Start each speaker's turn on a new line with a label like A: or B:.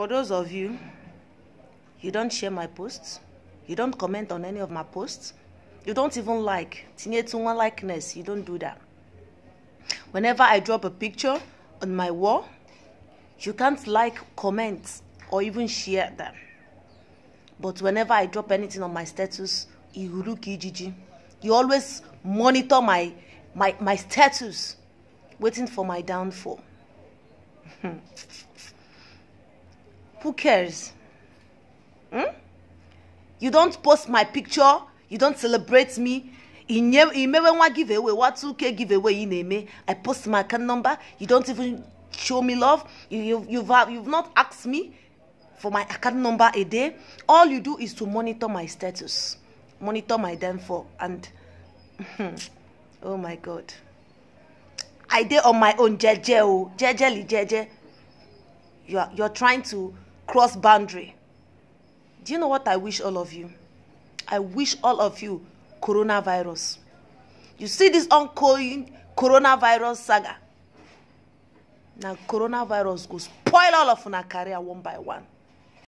A: for those of you you don't share my posts you don't comment on any of my posts you don't even like tinye tunwa likeness you don't do that whenever i drop a picture on my wall you can't like comment or even share them but whenever i drop anything on my status ihuru kijiji you always monitor my my my status waiting for my downfall Who cares? Hmm? You don't post my picture. You don't celebrate me. You to give giveaway What 2k giveaway ị na-eme i post my account number you don't even show me love you, you, you've, have, uh, you've not asked me for my account number a day all you do is to monitor my status monitor my downfall and oh my god i did on my own jeje o jeje you're, you're trying to cross boundary. Do you know what I wish all of you? I wish all of you coronavirus. You see this ongoing coronavirus saga. Now coronavirus goes spoil all of our career one by one.